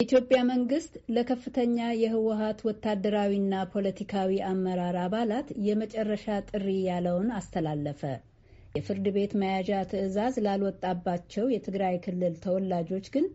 የኢትዮጵያ መንግስት ለከፍተኛ የህወሀት ወታደራዊና ፖለቲካዊ አመራር አባላት የመጨረሻ ጥሪ ያለውን አስተላለፈ። የፍርድ ቤት መያዣ ትዕዛዝ ላልወጣባቸው የትግራይ ክልል ተወላጆች ግን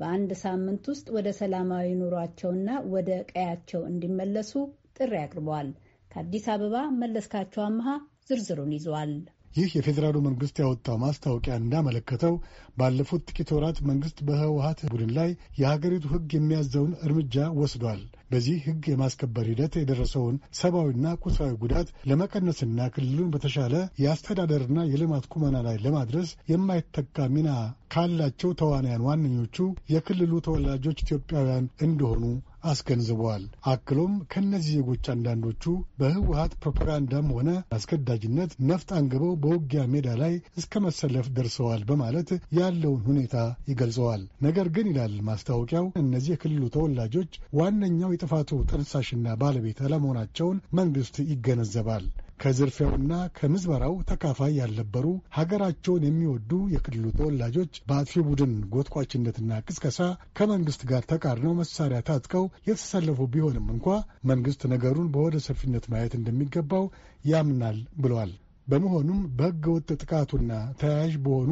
በአንድ ሳምንት ውስጥ ወደ ሰላማዊ ኑሯቸውና ወደ ቀያቸው እንዲመለሱ ጥሪ አቅርበዋል። ከአዲስ አበባ መለስካቸው አመሃ ዝርዝሩን ይዟል። ይህ የፌዴራሉ መንግስት ያወጣው ማስታወቂያ እንዳመለከተው ባለፉት ጥቂት ወራት መንግስት በህወሀት ቡድን ላይ የሀገሪቱ ህግ የሚያዘውን እርምጃ ወስዷል። በዚህ ህግ የማስከበር ሂደት የደረሰውን ሰብአዊና ቁሳዊ ጉዳት ለመቀነስና ክልሉን በተሻለ የአስተዳደርና የልማት ቁመና ላይ ለማድረስ የማይተካ ሚና ካላቸው ተዋናያን ዋነኞቹ የክልሉ ተወላጆች ኢትዮጵያውያን እንደሆኑ አስገንዝበዋል። አክሎም ከእነዚህ ዜጎች አንዳንዶቹ በህወሀት ፕሮፓጋንዳም ሆነ አስገዳጅነት ነፍጥ አንግበው በውጊያ ሜዳ ላይ እስከ መሰለፍ ደርሰዋል በማለት ያለውን ሁኔታ ይገልጸዋል። ነገር ግን ይላል ማስታወቂያው እነዚህ የክልሉ ተወላጆች ዋነኛው የጥፋቱ ጠንሳሽና ባለቤት አለመሆናቸውን መንግስት ይገነዘባል። ከዝርፊያውና ከምዝበራው ተካፋይ ያልነበሩ ሀገራቸውን የሚወዱ የክልሉ ተወላጆች በአጥፊ ቡድን ጎትቋችነትና ቅስቀሳ ከመንግስት ጋር ተቃርነው መሳሪያ ታጥቀው የተሰለፉ ቢሆንም እንኳ መንግስት ነገሩን በወደ ሰፊነት ማየት እንደሚገባው ያምናል ብለዋል። በመሆኑም በሕገ ወጥ ጥቃቱና ተያያዥ በሆኑ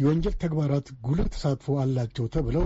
የወንጀል ተግባራት ጉልህ ተሳትፎ አላቸው ተብለው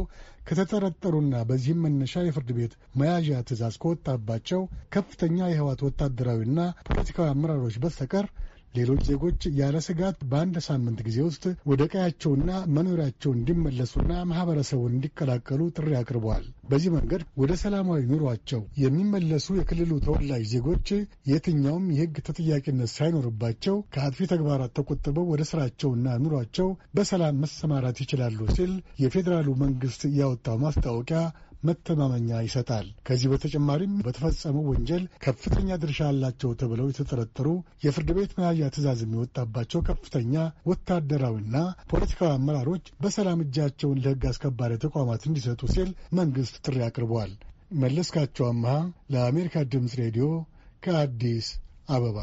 ከተጠረጠሩና በዚህም መነሻ የፍርድ ቤት መያዣ ትእዛዝ ከወጣባቸው ከፍተኛ የህወሓት ወታደራዊና ፖለቲካዊ አመራሮች በስተቀር ሌሎች ዜጎች ያለ ስጋት በአንድ ሳምንት ጊዜ ውስጥ ወደ ቀያቸውና መኖሪያቸው እንዲመለሱና ማህበረሰቡን እንዲቀላቀሉ ጥሪ አቅርበዋል። በዚህ መንገድ ወደ ሰላማዊ ኑሯቸው የሚመለሱ የክልሉ ተወላጅ ዜጎች የትኛውም የህግ ተጠያቂነት ሳይኖርባቸው ከአጥፊ ተግባራት ተቆጥበው ወደ ስራቸውና ኑሯቸው በሰላም መሰማራት ይችላሉ ሲል የፌዴራሉ መንግስት ያወጣው ማስታወቂያ መተማመኛ ይሰጣል። ከዚህ በተጨማሪም በተፈጸመው ወንጀል ከፍተኛ ድርሻ አላቸው ተብለው የተጠረጠሩ የፍርድ ቤት መያዣ ትዕዛዝ የሚወጣባቸው ከፍተኛ ወታደራዊና ፖለቲካዊ አመራሮች በሰላም እጃቸውን ለሕግ አስከባሪ ተቋማት እንዲሰጡ ሲል መንግሥት ጥሪ አቅርቧል። መለስካቸው አመሃ ለአሜሪካ ድምፅ ሬዲዮ ከአዲስ አበባ